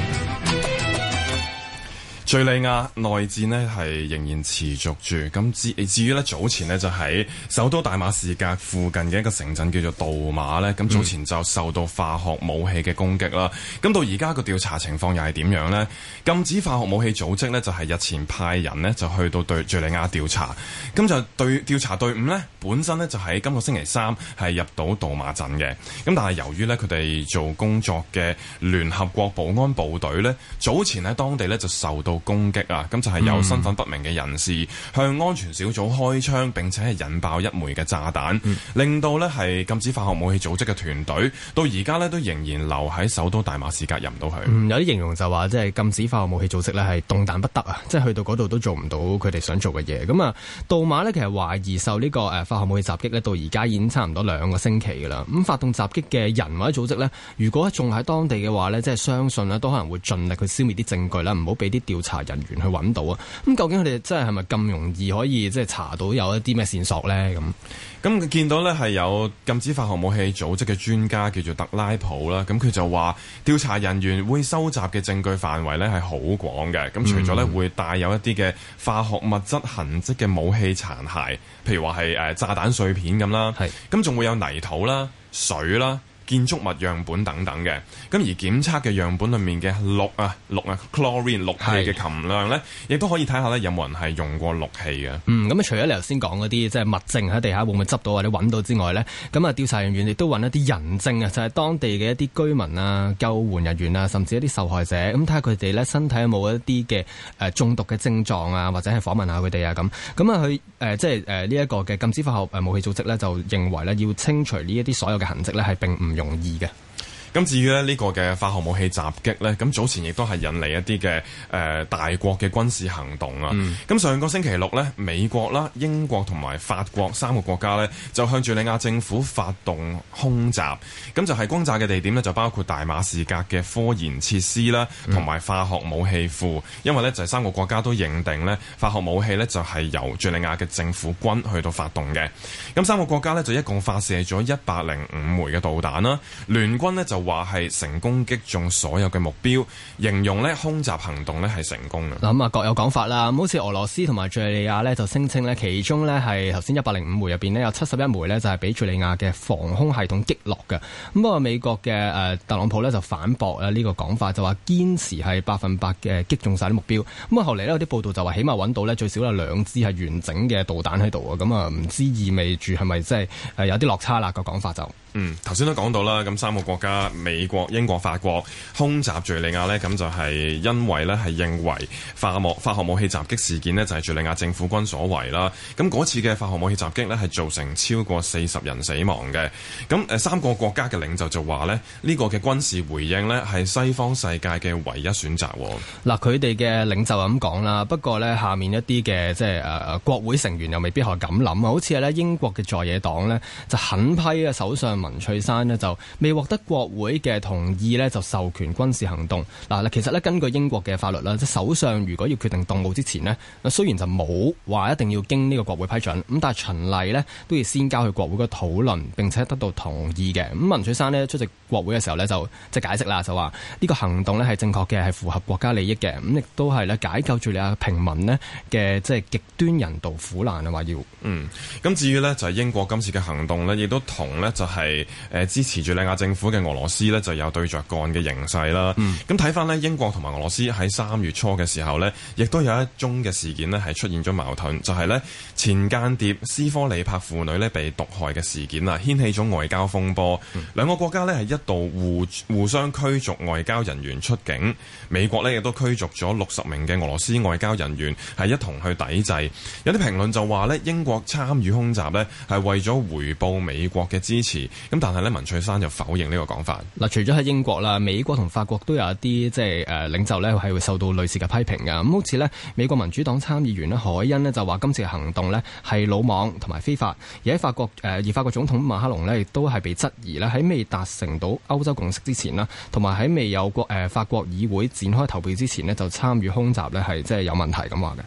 敘利亞內戰呢係仍然持續住，咁至至於呢，早前呢就喺首都大馬士革附近嘅一個城鎮叫做杜馬呢，咁早前就受到化學武器嘅攻擊啦。咁到而家個調查情況又係點樣呢？禁止化學武器組織呢就係日前派人呢就去到對敘利亞調查，咁就對調查隊伍呢本身呢就喺今個星期三係入到杜馬鎮嘅，咁但係由於呢，佢哋做工作嘅聯合國保安部隊呢早前喺當地呢就受到攻擊啊！咁就係有身份不明嘅人士、嗯、向安全小組開槍，並且係引爆一枚嘅炸彈，嗯、令到呢係禁止化學武器組織嘅團隊到而家呢，都仍然留喺首都大馬士革，入唔到去。嗯、有啲形容就話，即係禁止化學武器組織呢係動彈不得啊！即係去到嗰度都做唔到佢哋想做嘅嘢。咁啊，杜馬呢其實懷疑受呢、呢個誒、呃、化學武器襲擊呢，到而家已經差唔多兩個星期㗎喇。咁、嗯、發動襲擊嘅人或者組織呢，如果仲喺當地嘅話呢，即係相信呢，都可能會盡力去消滅啲證據啦，唔好俾啲調查。查人員去揾到啊！咁究竟佢哋真係係咪咁容易可以即係查到有一啲咩線索呢？咁咁見到呢係有禁止化學武器組織嘅專家叫做特拉普啦，咁佢就話調查人員會收集嘅證據範圍呢係好廣嘅，咁除咗呢會帶有一啲嘅化學物質痕跡嘅武器殘骸，譬如話係誒炸彈碎片咁啦，係咁仲會有泥土啦、水啦。建築物樣本等等嘅，咁而檢測嘅樣本裏面嘅氯啊、氯啊、chlorine 氯氣嘅含量呢，亦都可以睇下呢，有冇人係用過氯氣嘅。嗯，咁啊，除咗你頭先講嗰啲，即係物證喺地下會唔會執到或者揾到之外呢，咁啊，調查人員亦都揾一啲人證啊，就係、是、當地嘅一啲居民啊、救援人員啊，甚至一啲受害者，咁睇下佢哋呢，身體有冇一啲嘅誒中毒嘅症狀啊，或者係訪問下佢哋啊，咁咁啊，佢誒、呃、即係誒呢一個嘅禁止化學武器組織呢，就認為呢，要清除呢一啲所有嘅痕跡呢，係並唔容易嘅。咁至於呢個嘅化學武器襲擊呢，咁早前亦都係引嚟一啲嘅誒大國嘅軍事行動啊。咁、嗯、上個星期六呢，美國啦、英國同埋法國三個國家呢，就向敍利亞政府發動空襲。咁就係、是、轟炸嘅地點呢，就包括大馬士革嘅科研設施啦，同埋化學武器庫。因為呢，就係三個國家都認定呢化學武器呢，就係由敍利亞嘅政府軍去到發動嘅。咁三個國家呢，就一共發射咗一百零五枚嘅導彈啦。聯軍呢，就話係成功擊中所有嘅目標，形容呢空襲行動呢係成功嘅。咁啊各有講法啦。咁好似俄羅斯同埋叙利亞呢就聲稱呢其中呢係頭先一百零五枚入邊呢，有七十一枚呢就係俾敘利亞嘅防空系統擊落嘅。咁美國嘅誒特朗普呢就反駁啊呢個講法，就話堅持係百分百嘅擊中晒啲目標。咁啊後嚟呢有啲報道就話起碼揾到呢最少有兩支係完整嘅導彈喺度啊。咁啊唔知意味住係咪即係誒有啲落差啦，這個講法就。嗯，頭先都講到啦，咁三個國家，美國英國法國空襲敘利亞咧，咁就係、是、因為咧係認為化學化學武器襲擊事件咧就係敘利亞政府軍所為啦。咁次嘅化學武器襲擊咧係造成超過四十人死亡嘅。咁誒三個國家嘅領袖就話咧，呢、這個嘅軍事回應咧係西方世界嘅唯一選擇、哦，嗱，佢哋嘅領袖咁講啦，不過咧下面一啲嘅即係誒國會成員又未必可以咁諗啊，好似係咧英國嘅在野黨咧就狠批嘅首相，文翠山呢就未獲得國會嘅同意呢，就授權軍事行動。嗱嗱，其實呢，根據英國嘅法律啦，即首相如果要決定動武之前呢，雖然就冇話一定要經呢個國會批准，咁但係循例呢都要先交去國會嘅討論，並且得到同意嘅。咁文翠山呢出席國會嘅時候呢，就即係解釋啦，就話呢個行動呢，係正確嘅，係符合國家利益嘅，咁亦都係呢解救敘利亞平民呢嘅即係極端人道苦難啊話要。嗯，咁至於呢，就係英國今次嘅行動呢，亦都同呢就係、是。誒，支持敘利亞政府嘅俄羅斯就有對著幹嘅形勢啦。咁睇翻呢，英國同埋俄羅斯喺三月初嘅時候呢，亦都有一宗嘅事件呢，係出現咗矛盾，就係、是、呢前間諜斯科里帕父女呢被毒害嘅事件啦，掀起咗外交風波。兩、嗯、個國家呢係一度互互相驅逐外交人員出境，美國呢亦都驅逐咗六十名嘅俄羅斯外交人員，係一同去抵制。有啲評論就話呢英國參與空襲呢係為咗回報美國嘅支持。咁但係咧，文翠珊就否認呢個講法。嗱，除咗喺英國啦、美國同法國都有一啲即係誒領袖咧，係會受到類似嘅批評㗎。咁好似呢，美國民主黨參議員呢海恩呢就話今次嘅行動呢係魯莽同埋非法。而喺法國誒，而法國總統馬克龍呢亦都係被質疑呢喺未達成到歐洲共識之前啦，同埋喺未有國法國議會展開投票之前呢，就參與空襲呢係即係有問題咁話嘅。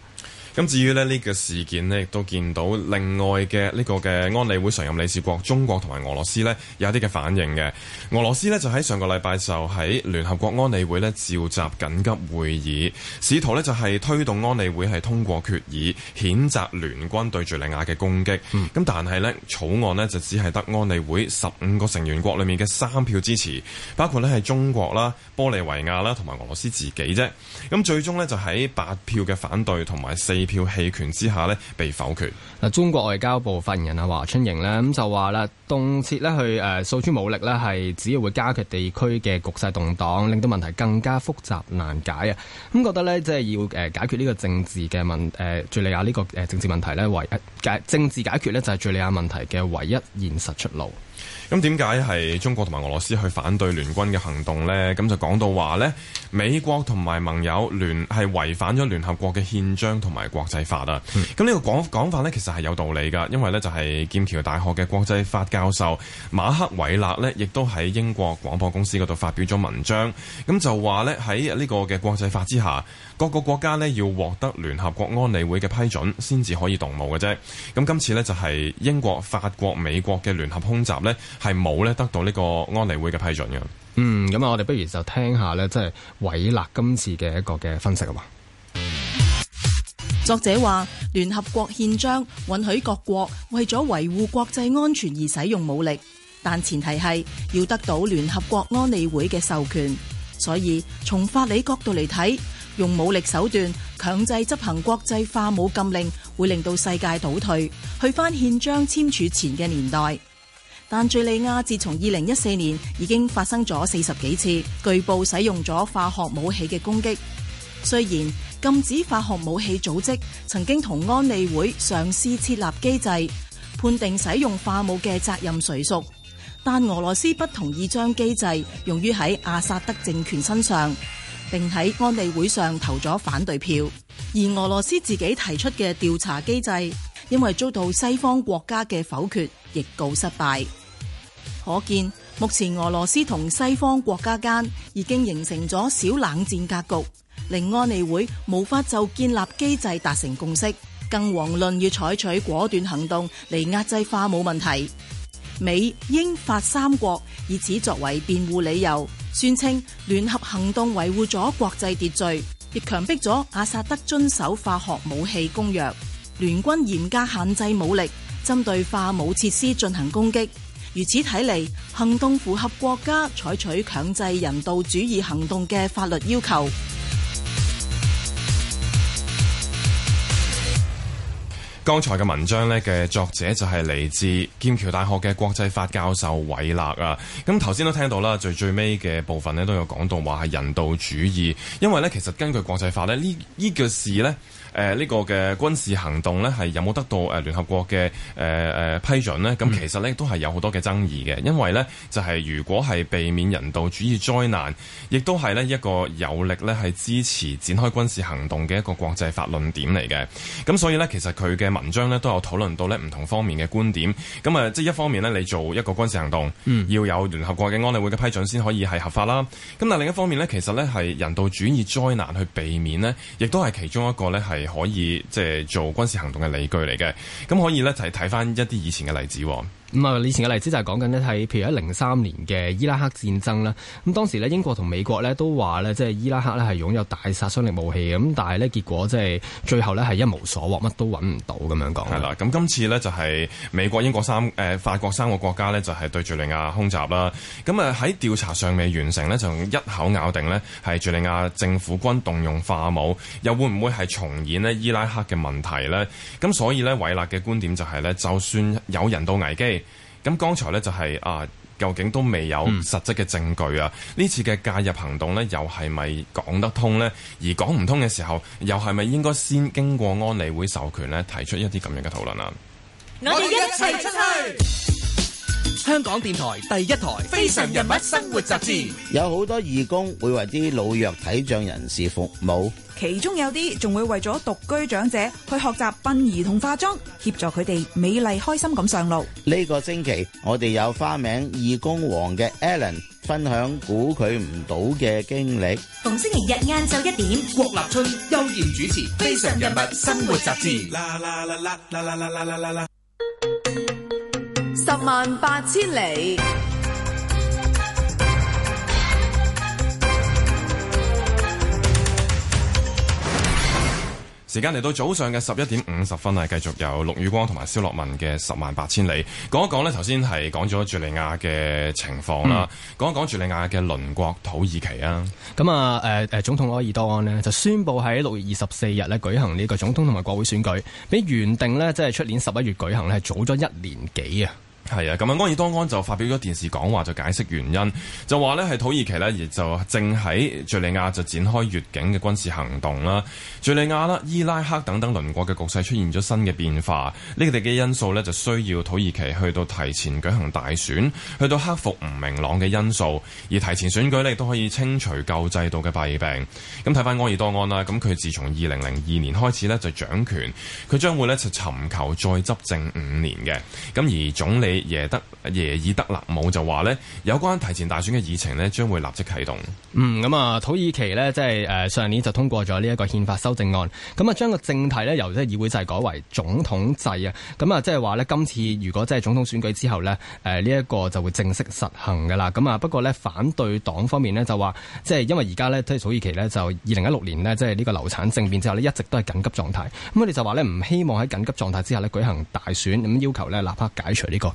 咁至於呢個事件呢，亦都見到另外嘅呢個嘅安理會常任理事國中國同埋俄羅斯呢有一啲嘅反應嘅。俄羅斯呢就喺上個禮拜就喺聯合國安理會呢召集緊急會議，試圖呢就係推動安理會係通過決議，譴責聯軍對敍利亞嘅攻擊。咁、嗯、但係呢草案呢就只係得安理會十五個成員國裏面嘅三票支持，包括呢係中國啦、玻利維亞啦同埋俄羅斯自己啫。咁最終呢就喺八票嘅反對同埋四票棄權之下咧被否決。嗱，中國外交部發言人啊，華春瑩咧咁就話啦，動輒咧去訴諸武力咧，係只要會加強地區嘅局勢動盪，令到問題更加複雜難解啊！咁覺得即係要解決呢個政治嘅問敍利亞呢個政治問題咧，唯一解政治解決就係敍利亞問題嘅唯一現實出路。咁點解係中國同埋俄羅斯去反對聯軍嘅行動呢？咁就講到話呢，美國同埋盟友聯繫違反咗聯合國嘅憲章同埋國際法啦。咁呢個講講法呢，其實係有道理噶，因為呢就係劍橋大學嘅國際法教授馬克韋勒呢，亦都喺英國廣播公司嗰度發表咗文章，咁就話呢，喺呢個嘅國際法之下。各個國家要獲得聯合國安理會嘅批准先至可以動武嘅啫。咁今次呢，就係英國、法國、美國嘅聯合空襲呢，係冇得到呢個安理會嘅批准嘅。嗯，咁啊，我哋不如就聽下呢，即係偉立今次嘅一個嘅分析啊。作者話：聯合國憲章允許各國為咗維護國際安全而使用武力，但前提係要得到聯合國安理會嘅授權。所以從法理角度嚟睇，用武力手段強制執行國際化武禁令，會令到世界倒退，去翻憲章簽署前嘅年代。但敘利亞自從二零一四年已經發生咗四十幾次據報使用咗化學武器嘅攻擊。雖然禁止化學武器組織曾經同安理會嘗試設立機制，判定使用化武嘅責任誰屬，但俄羅斯不同意將機制用於喺阿薩德政權身上。並喺安理會上投咗反對票，而俄羅斯自己提出嘅調查機制，因為遭到西方國家嘅否決，亦告失敗。可見目前俄羅斯同西方國家間已經形成咗小冷戰格局，令安理會無法就建立機制達成共識，更遑論要採取果斷行動嚟壓制化武問題。美、英、法三國以此作為辯護理由，宣稱聯合行動維護咗國際秩序，亦強迫咗阿薩德遵守化學武器公約。聯軍嚴格限制武力，針對化武設施進行攻擊，如此睇嚟，行動符合國家採取強制人道主義行動嘅法律要求。剛才嘅文章呢嘅作者就係嚟自劍橋大學嘅國際法教授韋勒啊，咁頭先都聽到啦，最最尾嘅部分呢都有講到話係人道主義，因為呢，其實根據國際法呢，呢呢個事呢。誒呢、呃呢個嘅軍事行動呢係有冇得到誒聯、呃、合國嘅誒、呃、批准呢？咁其實呢都係有好多嘅爭議嘅，因為呢，就係、係、如果係避免人道主義災難，亦都係呢一個有力呢係支持展開軍事行動嘅一個國際法論點嚟嘅。咁所以呢，其實佢嘅文章呢都有討論到呢唔同方面嘅觀點。咁啊，即係一方面呢，你做一個軍事行動，嗯、要有聯合國嘅安理會嘅批准先可以係合法啦。咁但另一方面呢，其實呢係人道主義災難去避免呢，亦都係其中一個呢係。可以即係、就是、做軍事行動嘅理據嚟嘅，咁可以咧，就係睇翻一啲以前嘅例子、哦。咁啊，以前嘅例子就係講緊呢係譬如喺零三年嘅伊拉克戰爭啦。咁當時呢，英國同美國呢都話呢，即係伊拉克呢係擁有大殺傷力武器，咁但係呢，結果即係最後呢係一無所獲，乜都揾唔到咁樣講。係啦，咁今次呢就係美國、英國三誒、呃、法國三個國家呢，就係對敍利亞空襲啦，咁啊喺調查尚未完成呢，就一口咬定呢係敍利亞政府軍動用化武，又會唔會係重演呢伊拉克嘅問題呢？咁所以呢，韋納嘅觀點就係、是、呢，就算有人道危機。咁剛才呢就係、是、啊，究竟都未有實質嘅證據啊！呢、嗯、次嘅介入行動呢，又係咪講得通呢？而講唔通嘅時候，又係咪應該先經過安理會授權呢？提出一啲咁樣嘅討論啊？我哋一齊出去！香港電台第一台《非常人物生活雜誌》，有好多義工會為啲老弱體障人士服務。其中有啲仲會為咗獨居長者去學習殯儀化妝，協助佢哋美麗開心咁上路。呢個星期我哋有花名義工王嘅 Alan 分享估佢唔到嘅經歷。逢星期日晏晝一點，郭立春、邱健主持《非常人物》生活雜誌。啦啦啦啦啦啦啦啦啦啦！十萬八千里。時間嚟到早上嘅十一點五十分啊，繼續有陸宇光同埋蕭樂文嘅十萬八千里，講一講呢頭先係講咗敍利亞嘅情況啦，嗯、講一講敍利亞嘅鄰國土耳其啊，咁啊誒誒總統埃爾多安呢就宣布喺六月二十四日咧舉行呢個總統同埋國會選舉，比原定呢即係出年十一月舉行咧早咗一年幾啊。係啊，咁啊安爾多安就發表咗電視講話，就解釋原因，就話呢係土耳其呢亦就正喺敍利亞就展開越境嘅軍事行動啦，敍利亞啦、伊拉克等等鄰國嘅局勢出現咗新嘅變化，呢個地嘅因素呢就需要土耳其去到提前舉行大選，去到克服唔明朗嘅因素，而提前選舉呢亦都可以清除舊制度嘅弊病。咁睇翻安爾多安啦，咁佢自從二零零二年開始呢就掌權，佢將會呢就尋求再執政五年嘅，咁而總理。耶德耶爾德納姆就話咧，有關提前大選嘅議程咧，將會立即啟動。嗯，咁啊，土耳其呢即係誒上年就通過咗呢一個憲法修正案，咁啊將個政體呢由即係議會制改為總統制啊，咁啊即係話呢今次如果即係總統選舉之後呢誒呢一個就會正式實行噶啦。咁啊不過呢反對黨方面呢就話，即係因為而家呢即係土耳其呢就二零一六年呢即係呢個流產政變之後呢一直都係緊急狀態，咁啊佢哋就話呢唔希望喺緊急狀態之下呢舉行大選，咁要求呢立刻解除呢個。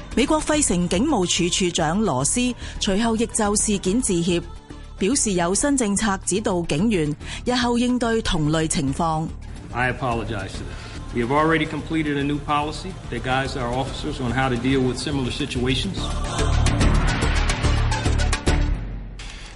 美國費城警務處處長羅斯隨後亦就事件致歉，表示有新政策指導警員，日後應對同類情況。I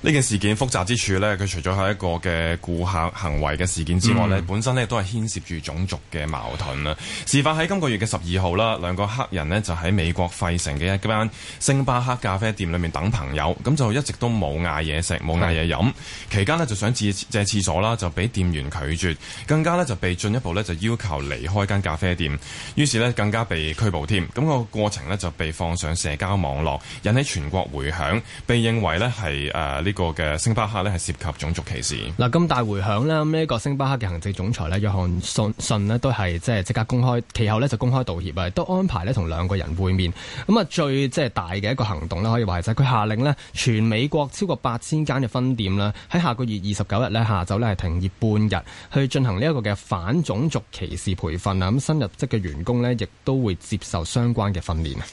呢件事件複雜之處呢，佢除咗係一個嘅顧客行為嘅事件之外呢，嗯、本身呢都係牽涉住種族嘅矛盾啦。事發喺今個月嘅十二號啦，兩個黑人呢就喺美國費城嘅一間星巴克咖啡店裏面等朋友，咁就一直都冇嗌嘢食，冇嗌嘢飲。嗯、期間呢就想借借廁所啦，就俾店員拒絕，更加呢就被進一步呢就要求離開間咖啡店，於是呢更加被拘捕添。咁、那個過程呢就被放上社交網絡，引起全國回響，被認為呢係呃呢。個嘅星巴克呢係涉及種族歧視。嗱，咁大回響咧，咁呢個星巴克嘅行政總裁呢，約翰信信咧都係即係即刻公開，其後呢就公開道歉啊，都安排呢同兩個人會面。咁啊，最即係大嘅一個行動咧，可以話係即係佢下令呢，全美國超過八千間嘅分店啦，喺下個月二十九日呢，下晝呢係停業半日，去進行呢一個嘅反種族歧視培訓啊。咁新入職嘅員工呢，亦都會接受相關嘅訓練啊。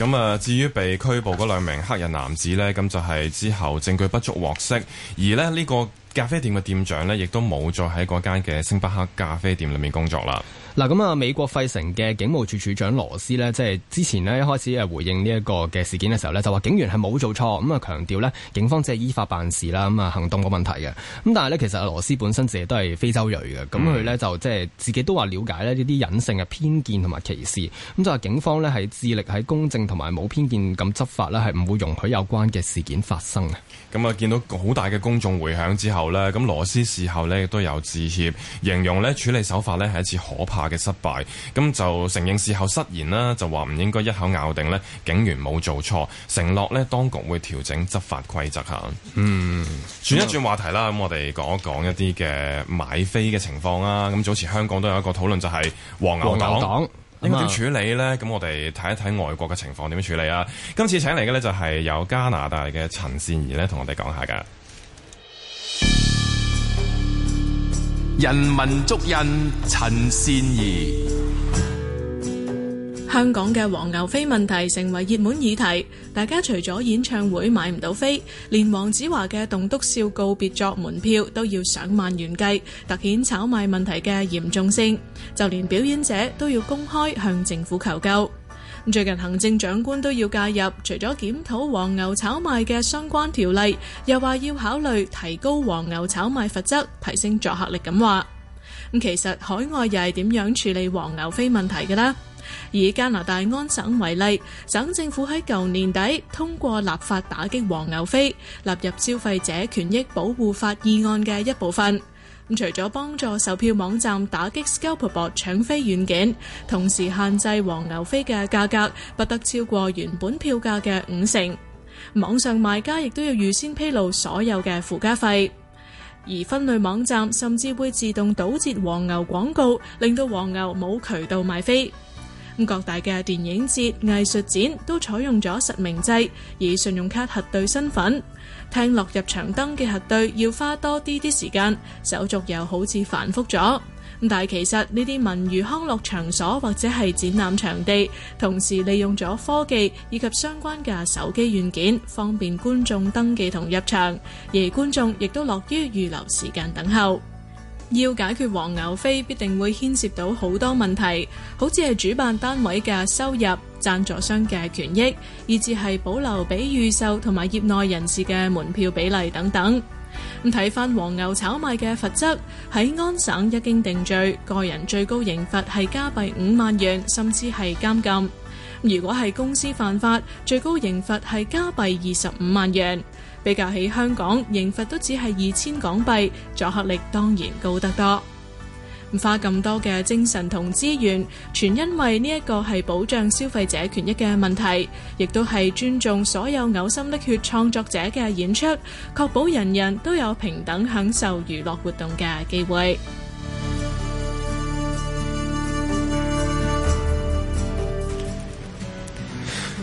咁啊，至於被拘捕嗰兩名黑人男子呢，咁就係之後證據不足獲釋，而呢個，咖啡店嘅店長呢，亦都冇再喺嗰間嘅星巴克咖啡店裏面工作啦。嗱，咁啊，美國費城嘅警務處處長羅斯呢，即係之前呢一開始誒回應呢一個嘅事件嘅時候呢，就話警員係冇做錯，咁啊強調呢，警方只係依法辦事啦，咁啊行動冇問題嘅。咁但係呢，其實阿羅斯本身自己都係非洲裔嘅，咁佢、嗯、呢，就即係自己都話了解呢啲隱性嘅偏見同埋歧視，咁就話警方呢，係致力喺公正同埋冇偏見咁執法呢係唔會容許有關嘅事件發生嘅。咁啊，見到好大嘅公眾回響之後。後呢，咁羅斯事後呢亦都有致歉，形容呢處理手法呢係一次可怕嘅失敗，咁就承認事後失言啦，就話唔應該一口咬定呢警員冇做錯，承諾呢，當局會調整執法規則吓。嗯，轉一轉話題啦，咁我哋講一講一啲嘅買飛嘅情況啦。咁早前香港都有一個討論，就係黃牛黨應該點處理呢？咁我哋睇一睇外國嘅情況點樣處理啊。今次請嚟嘅呢，就係由加拿大嘅陳善儀呢，同我哋講下噶。人民足印，陳善儀。香港嘅黃牛飛問題成為熱門議題。大家除咗演唱會買唔到飛，連黃子華嘅《棟篤笑告別作》門票都要上萬元計，凸顯炒賣問題嘅嚴重性。就連表演者都要公開向政府求救。最近行政長官都要介入，除咗檢討黃牛炒賣嘅相關條例，又話要考慮提高黃牛炒賣罰則，提升作客力。咁話咁，其實海外又係點樣處理黃牛飛問題嘅咧？以加拿大安省為例，省政府喺舊年底通過立法打擊黃牛飛，納入消費者權益保護法議案嘅一部分。咁除咗幫助售票網站打擊 scalper 搶飛軟件，同時限制黃牛飛嘅價格不得超過原本票價嘅五成。網上賣家亦都要預先披露所有嘅附加費，而分類網站甚至會自動堵截黃牛廣告，令到黃牛冇渠道賣飛。咁各大嘅電影節、藝術展都採用咗實名制，以信用卡核對身份。聽落入場登記核對要花多啲啲時間，手續又好似繁複咗。但係其實呢啲文娛康樂場所或者係展覽場地，同時利用咗科技以及相關嘅手機軟件，方便觀眾登記同入場，而觀眾亦都樂於預留時間等候。要解決黃牛飛必定會牽涉到好多問題，好似係主辦單位嘅收入。贊助商嘅權益，以至係保留俾預售同埋業內人士嘅門票比例等等。咁睇翻黃牛炒賣嘅罰則，喺安省一經定罪，個人最高刑罰係加幣五萬元，甚至係監禁。如果係公司犯法，最高刑罰係加幣二十五萬元。比較起香港，刑罰都只係二千港幣，阻嚇力當然高得多。花咁多嘅精神同資源，全因為呢一個係保障消費者權益嘅問題，亦都係尊重所有嘔心瀝血創作者嘅演出，確保人人都有平等享受娛樂活動嘅機會。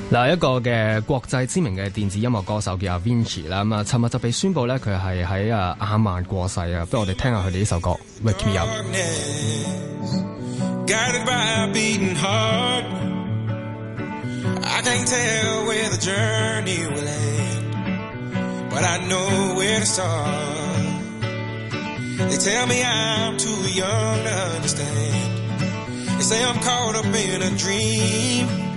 嗱，一個嘅國際知名嘅電子音樂歌手叫阿 Vinci 啦，咁啊，尋日就被宣布咧佢係喺啊阿曼過世啊，不如我哋聽下佢哋呢首歌。Wake me up. I can't tell where the journey will end, but I know where to start. They tell me I'm too young to understand. They say I'm caught up in a dream。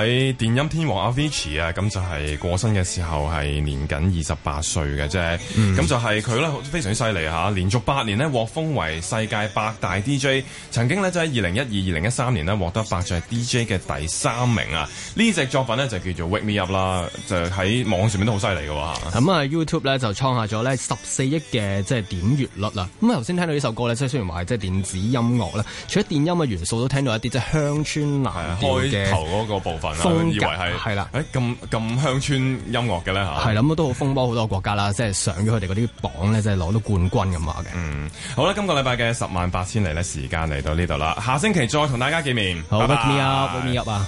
喺電音天王 Avicii 啊，咁就係過身嘅時候係年僅二十八歲嘅啫。咁、嗯、就係佢咧，非常之犀利嚇，連續八年呢，獲封為世界百大 DJ，曾經呢，就喺二零一二、二零一三年呢，獲得百大 DJ 嘅第三名啊！呢、這、隻、個、作品呢，就叫做 Wake Me Up 啦，就喺網上面都好犀利嘅嚇。咁啊、嗯、YouTube 咧就創下咗呢十四億嘅即係點閱率啦。咁啊頭先聽到呢首歌咧，即係雖然話即係電子音樂咧，除咗電音嘅元素都聽到一啲即係鄉村藍調嘅。係開頭嗰個部分。風格係係啦，咁咁了、欸、鄉村音樂嘅呢，係啦咁都好風波好多國家啦，即係上咗佢哋嗰啲榜咧，即係攞到冠軍咁話嘅。嗯，好啦，今個禮拜嘅十萬八千里，咧時間嚟到呢度啦，下星期再同大家見面。好，拜拜，Wake me up，wake me up 啊！